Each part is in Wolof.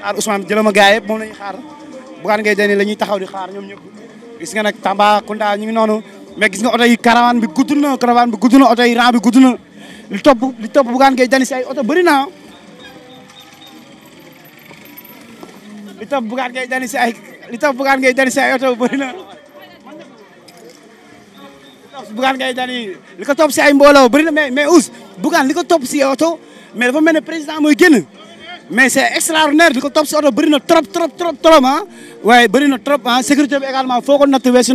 xaar Ousmane jëlama gars yëpp moom la ñuy xaar Bougane Gueye Dany la taxaw di xaar ñoom ñëpp gis nga nag Tambacounda ñu ngi noonu mais gis nga oto yi caravane bi gudd na caravane bi gudd oto yi rang bi gudd na li topp li topp Bougane Gueye Dany si ay oto bëri na li topp Bougane Gueye Dany si ay li topp Bougane Gueye Dany si ay oto bëri na si ay mbooloo bëri na mais mais us Bougane li ko topp si oto mais dafa mel ne président mooy génn mais c' est extraordinaire di ko topp si oto bëri na trop trop trop trop ah waaye bëri na trop ah sécurité bi également foo natt weesu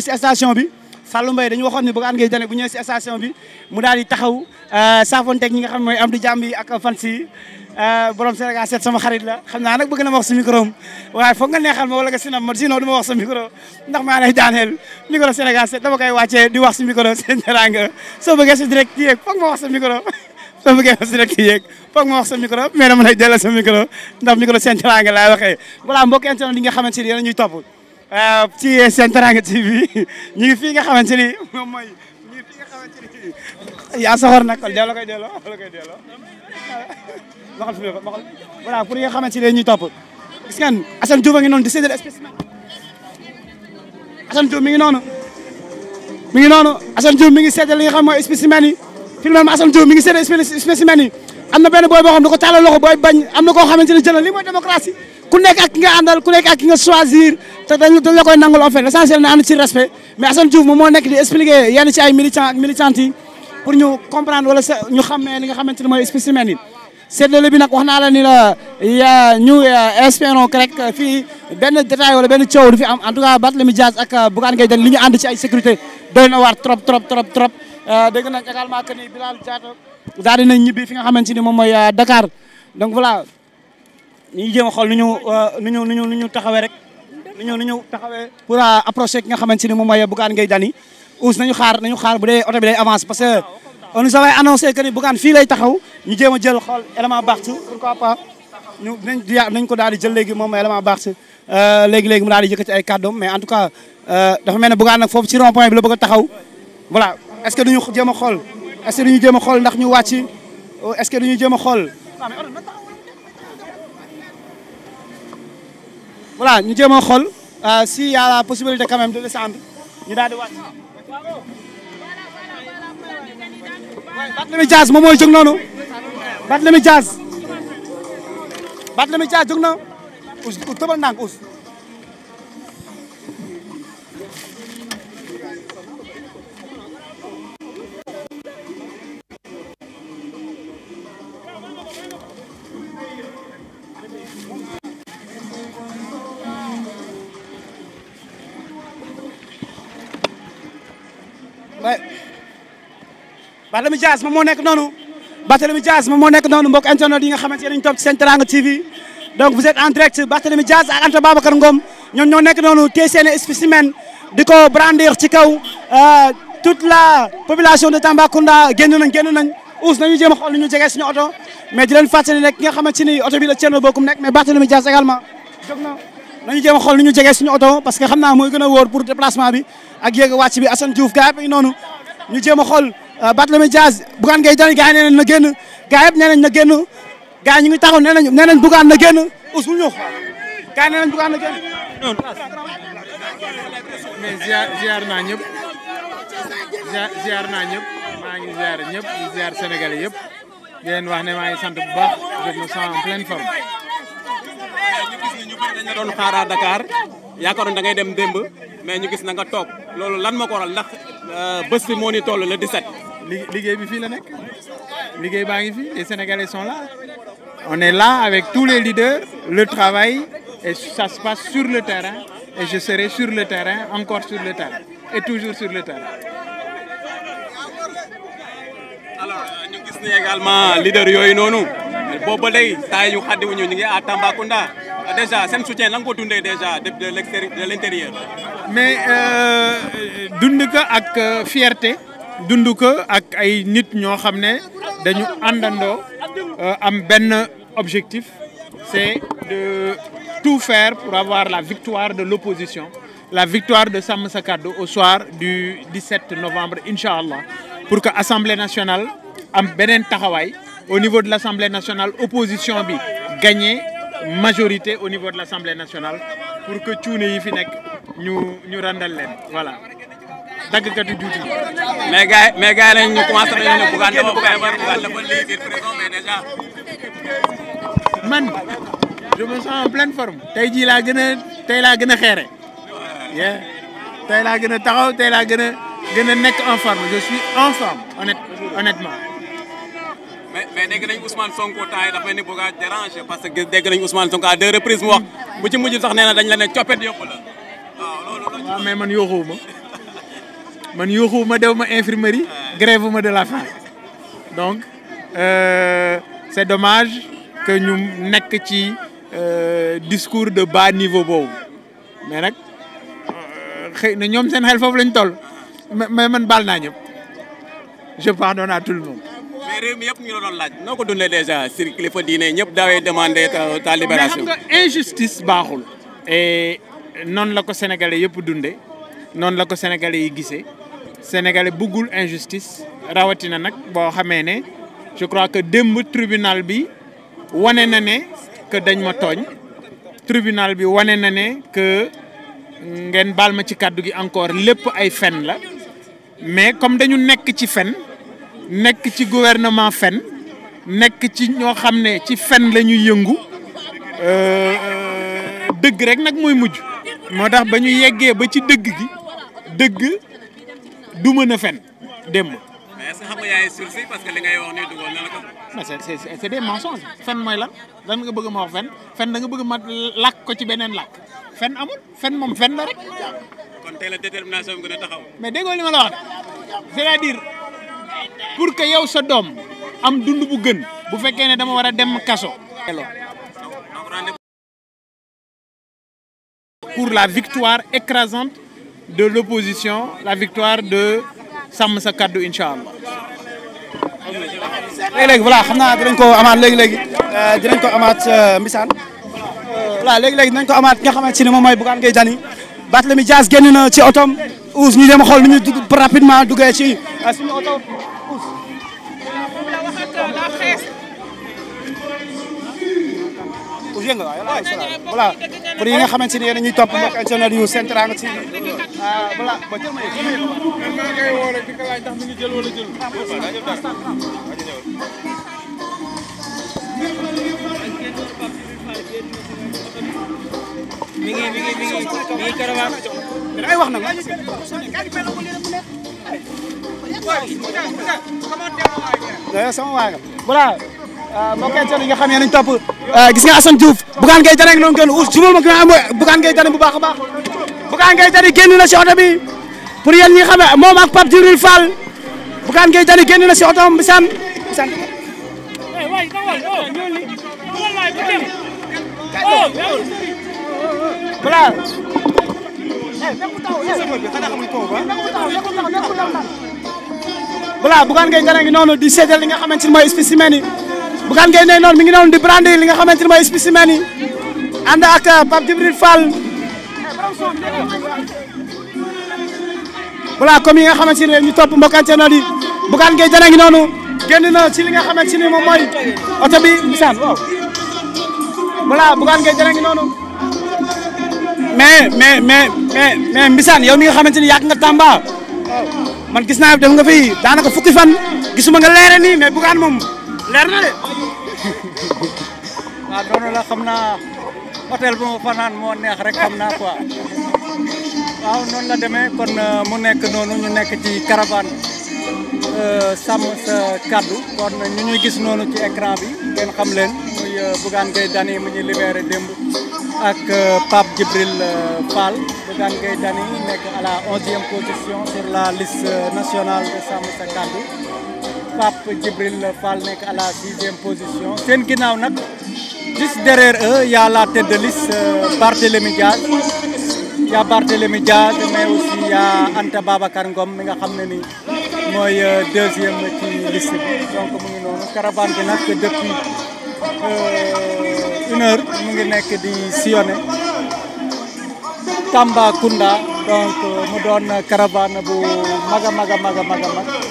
si station bi Fallou taxaw euh, saafonteeg ñi xam mooy am di jàmm yi ak fan si euh, borom Sénégal seet sama xarit la xam naa nag bëgg na ma wax si micro am waaye foog nga neexal ma wala nga sinam ma sinon du ma wax sa micro ndax maa lay daaneel micro Sénégal seet dama koy wàccee di wax si micro seen teranga soo bëggee si direct soo bëggee am si rek yéeg foog ma wax sa micro mais dama lay delloo sa micro ndax micro Sen Teranga laay waxee voilà mbokk internet yi nga xamante ni yéen a ñuy topp euh, ci Sen Teranga TV ñu ngi fii nga xamante ni moom mooy ñu ngi fii nga xamante ni yaa soxor nag kon delloo koy delloo delloo koy delloo waxal fi mu waxal voilà pour yi nga xamante ni ñuy topp gis ngeen Assane Diouf a ngi noonu di séddale spécimen Assane Diouf mi ngi noonu mi ngi noonu Assane Diouf mi ngi séddale li nga xam mooy spécimen yi fi mu ne Assane Diop mi ngi seede spécimen yi am na benn booy boo xam ne ko tàllal loxo booy bañ am na koo xamante ne jëlal lii mooy démocratie ku nekk ak ki nga àndal ku nekk ak nga choisir te dañ koy nangul en fait na ànd ci respect mais Assane Diouf moom moo nekk di expliquer yenn ci ay militants ak ñu comprendre wala ñu xamee li nga xamante ne mooy spécimen yi seddale nag wax naa la ni la ya ñu euh, espérons que rek euh, fii benn détail wala benn coow fi am en tout cas Barthélémy Dias ak euh, Bougane Gueye li ñu ànd ci ay sécurité na waar trop trop trop trop Euh, dégg nañ également que ni Bilal Diatta daal dinañ ñibbi fi nga xamante ni moom mooy euh, dakaar donc voilà ñu jéem xool nu ñu euh, nu ñu nu ñu nu ñu taxawee rek nu ñu nu ñu taxawee pour approcher ki nga xamante ni moom mooy Bougane Gueye Dany us nañu xaar nañu xaar bu dee oto bi day avance parce que on nous avait annoncé que ni Bougane fii lay taxaw ñu jéem a jël xool élément baxtu pourquoi pas ñu nañ nañ ko daal di jël léegi moom élément baxtu léegi-léegi mu daal di yëkkati ay kàddoom mais en tout cas dafa mel ne Bougane nag foofu ci rond point la bëgg a taxaw est que duñu jéem a xool est-ce que duñu jéem a xool ndax ñu wàcc est-ce que duñu jéem a xool voilà ñu jéem a xool euh, si y a la possibilité quand même de descendre ñu daal di wàcc. Barthélémy Dias moom mooy jóg noonu Barthélémy Dias Barthélémy Dias jóg na us tëbal ndànk us Barthélémy Dias moom moo nekk noonu Barthélémy Dias moom moo nekk noonu mbokk internet yi nga xamante ne dañu topp ci seen Teranga TV donc vous êtes en direct Barthélémy Dias ak Anta Babacar Ngom ñoom nekk noonu tey seen spécimen di ko brandir ci kaw euh, la population de Tambacounda génn nañ génn nañ us nañu jéem a ñu jegee suñu oto mais di leen fàttali nga xamante ni oto bi la Thierno Bocoum nekk mais Barthélémy Dias également jóg na nañu jéem a nu ñu jegee suñu oto parce que xam na mooy gën a wóor pour déplacement bi ak yéeg wàcc bi Euh, Barthélémy Dias Bougane Gueye Dany gars yi nee nañ na génn gars yëpp nee nañ na génn gars ñu ngi taxaw nee nañ nee nañ Bougane na génn usul ñu gars nee nañ Bougane na génn. non mais ziar ziar naa ñëpp ziar naa ñëpp maa ngi ziar ñëpp di ziar yëpp di wax ne maa ngi sant bu baax je me sens en pleine forme. dañ la doon xaaraa Dakar yaakaaroon da ngay dem démb mais ñu gis na nga toog loolu lan moo ko waral ndax euh, bés bi moo la toll le liggéey bi fii la nekk liggéey baa ngi fii les sénégalis son là on est là avec tous les leaders le travail et ça se passe sur le terrain et je serai sur le terrain encore sur le terrain et toujours sur le terrain. alors euh, ñu gis ni également leader yooyu noonu boobu ba léegi saa yu xàddiwuñu ñu ngi à Tambacounda déjà seen soutien la nga ko dundee déjà de l' mais euh, dund ko ak euh, fierté. dund ko ak ay nit ñoo xam ne dañu àndandoo euh, am benn objectif c'est de tout faire pour avoir la victoire de l'opposition la victoire de Sàmm Sa Kàddu au soir du 17 novembre incha allah pour que assemblée nationale am beneen taxawaay au niveau de l'assemblée nationale opposition bi gagner majorité au niveau de l'assemblée nationale pour que cuune yi fi nekk ñu ñu randal leen voilà daggkatu juuti mais gars yi mais gars yi ñu commencé nañu ne Bougane dafa feebar Bougane dafa lii prison mais man je me sens en pleine tey jii laa gën a laa gën a xeere. yeah tey laa gën a taxaw tey laa gën a nekk en forme je suis en forme honnête honnêtement. mais mais dégg nañu Ousmane Sonko temps yi dafa mel ni Bougane dérangé parce que dégg nañu Ousmane Sonko à deux reprises mu wax bu ci sax nee na dañ la ne coppet yóbbu la waaw man yóoxuwuma. man yuuxuwuma dew ma infirmerie grève ma de la faim donc euh, c'est dommage que ñu nekk ci euh, discours de bas niveau boobu mais nag euh, xëy na ñoom seen xel foofu lañ toll mais man baal naa ñëpp je pardonne à tout le monde. mais réew mi yëpp ñu la noo ko dundee déjà si kilifa diine ñëpp daawee demandé ta libération. mais xam nga injustice baaxul. et noonu la ko sénégalais yëpp dundee noonu la ko sénégalais yi gisee. sénégalais buggul injustice rawatina nag boo xamee ne je crois que démb tribunal bi wane na ne que dañ ma tooñ tribunal bi wane na ne que ngeen baal ma ci kàddu gi encore lépp ay fen la mais comme dañu nekk ci fen nekk ci gouvernement fen nekk ci ñoo xam ne ci fen la ñuy yëngu euh, dëgg rek nag mooy mujj moo tax ba ñu yeggee ba ci dëgg gi dëgg du mën a fen démb. mais est-ce que xam ngay wax nii dugal na c'est c'est des fen mooy lan lan nga bëgg ma wax fen fen da nga bëgg ma làkk ko ci beneen làkk fen amul fen moom fen la rek. kon tey la bi gën a taxaw. mais déggoo li ma la wax c'est-à-dire pour que yow sa doom am dund bu gën bu fekkee ne dama war a dem kaso. pour la victoire écrasante. de l'opposition la victoire de sàmm sa kaddu incha allah. léegi-léegi voilà xam naa dinañ ko amaat léegi-léegi euh, dinañ ko amaat euh, Mbissane voilà léegi-léegi dinañ ko amaat nga xamante ne moom mooy Bougane Gueye Dany mi Dias génn na ci otom ouz ñu dem xool nu ñu rapidement duggee ci euh, suñu oto. yëngal waaw voilà pour yi nga xamante ni yéen a ñuy topp mbokk internet yu Sen Teranga si ah, voilà ba jël ma yëg. man maa ngi koy woo rek di ko laaj ndax mi ngi jël wala jël. mi ngi mi ngi mi ngi mi ngi caravane. ay wax na ma. waaw sama waay la voilà ah, mbokk internet yi nga xam ne nañ topp. Euh, gis nga Assane Diouf Bougane Gueye Dany noonu génn us jubal ma ki am Bougane Gueye Dany bu baax a baax Bougane Gueye Dany génn na si oto bi pour yéen ñi xam ne moom ak Pape Djibril Fall Bougane Gueye Dany génn na si oto bi san san voilà voilà Bougane Gueye Dany ngi noonu di seetal li nga xamante ni mooy spécimen yi Bougane Gueye Dany noonu mi ngi noonu di brandi li nga xamante ni mooy spécimen yi ànd ak euh, Pape Djibril Fall voilà yi nga xamante ni ñu topp mbokkante noonu yi Bougane Gueye Dany ngi noonu génn na ci li nga xamante ni mooy oto bi misaan waaw voilà Bougane Gueye noonu mais mais mais mais mais Mbisaan yow mi nga xamante ni yàgg nga Tamba man gis naa dem nga fi daanaka fukki fan gisuma nga leere nii mais Bougane moom leer na waaw ah, noonu la xam naa hôtel bu ma fanaan moo neex rek xam naa quoi waaw noonu la demee kon euh, mu nekk noonu ñu nekk ci caravane euh, sàmm sa kaddu kon ñu ñuy gis noonu ci écran bi ngeen xam leen muy euh, Bougane Gueye Dany mu ñu libéré démb ak Pape Djibril Fall Bougane Gueye Dany nekk à la onzième position sur la liste nationale de sàmm sa kaddu Pape Djibril Fall nekk à la sixième position seen ginnaaw nag juste derrière eux y a la tête de euh, Barthélémy Diaz y Barthélémy Diaz mais Anta Babacar Ngom mi nga xam ne ni mooy euh, deuxième ci liste donc mu ngi noonu caravane bi nag depuis euh, une heure mu ngi nekk di sillonné Tambacounda donc mu doon caravane bu mag a mag mag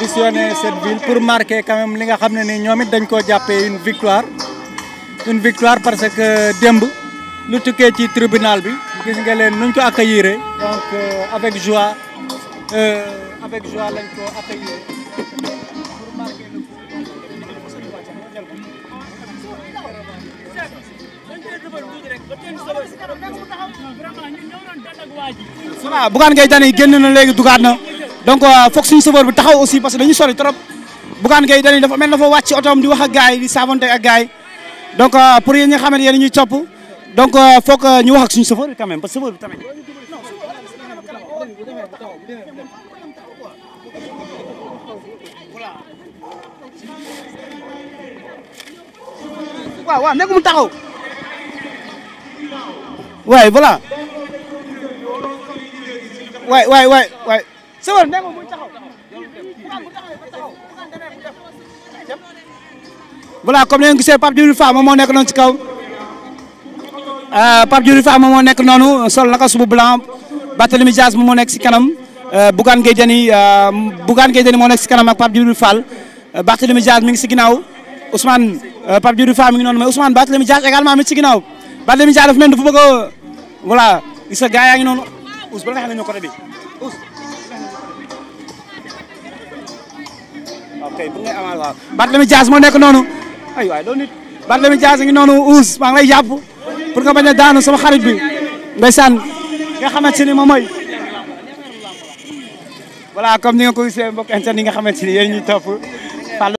visionner cette ville pour marquer quand même li nga xam ne ni ñoomit dañ koo jàppee une victoire une victoire parce que démb lu tukkee ci tribunal bi gis nga leen nuñ ko accueillir donc euh, avec joie euh, avec joie lañ ko accueillir pour marquer le coup. waaw génn na léegi dugaat na. donc euh, foog suñu chauffeur bi taxaw aussi parce que dañu sori trop Bougane Gueye Dany dafa mel dafa wàcc otoom di wax ak gars yi di saavante ak gars donc euh, pour yéen ñi nga xam ne yéen ñuy topp donc euh, foog ñu wax ak suñu chauffeur bi quand même parce que chauffeur bi tamit. waaw taxaw. waay voilà. sëwër ne ma muy taxaw voilà comme ni nga gisee Pape moo nekk noonu ci kaw euh, Pape Djibril Fall nekk noonu sol naka subu blanc Barthélémy Dias moom nekk si kanam euh, Bougane Gueye Dany euh, Bougane Gueye Dany moo nekk si kanam ak Pape Djibril Fall Barthélémy Dias mi ngi si ginnaaw Ousmane Pape Djibril Fall mi ngi noonu mais Ousmane Barthélémy Dias également mi ngi si ginnaaw Barthélémy Dias dafa mel dafa bëgg a voilà gis yaa ngi noonu Ous ok bu ngay amal waaw moo nekk noonu ay waay doo nit Barthélémy ngi noonu uus maa ngi lay jàpp pour nga bañ a daanu sama xarit bi ndeysaan nga xamante ni moom mooy voilà ni nga koy gisee bokk internet yi nga xamante ni yéen ñuy